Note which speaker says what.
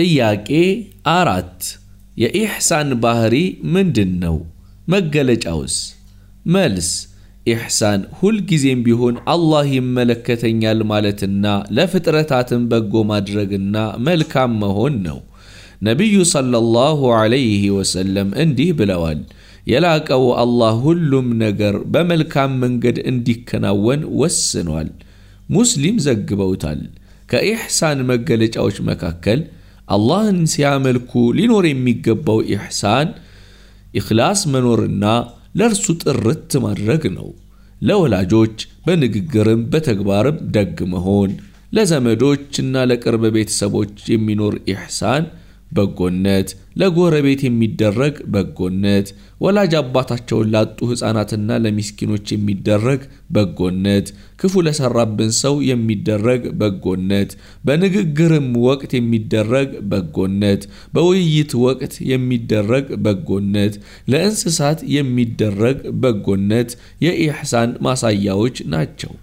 Speaker 1: ጥያቄ አራት የኢሕሳን ባህሪ ምንድን ነው? መገለጫውስ? መልስ ኢሕሳን ሁልጊዜም ቢሆን አላህ ይመለከተኛል ማለትና ለፍጥረታትን በጎ ማድረግና መልካም መሆን ነው። ነቢዩ ሰለላሁ ዐለይሂ ወሰለም እንዲህ ብለዋል፣ የላቀው አላህ ሁሉም ነገር በመልካም መንገድ እንዲከናወን ወስኗል። ሙስሊም ዘግበውታል። ከኢሕሳን መገለጫዎች መካከል አላህን ሲያመልኩ ሊኖር የሚገባው ኢሕሳን ኢኽላስ መኖርና ለእርሱ ጥርት ማድረግ ነው። ለወላጆች በንግግርም በተግባርም ደግ መሆን፣ ለዘመዶችና ለቅርብ ቤተሰቦች የሚኖር ኢሕሳን በጎነት፣ ለጎረቤት የሚደረግ በጎነት፣ ወላጅ አባታቸውን ላጡ ሕፃናትና ለሚስኪኖች የሚደረግ በጎነት፣ ክፉ ለሰራብን ሰው የሚደረግ በጎነት፣ በንግግርም ወቅት የሚደረግ በጎነት፣ በውይይት ወቅት የሚደረግ በጎነት፣ ለእንስሳት የሚደረግ በጎነት የኢሕሳን ማሳያዎች ናቸው።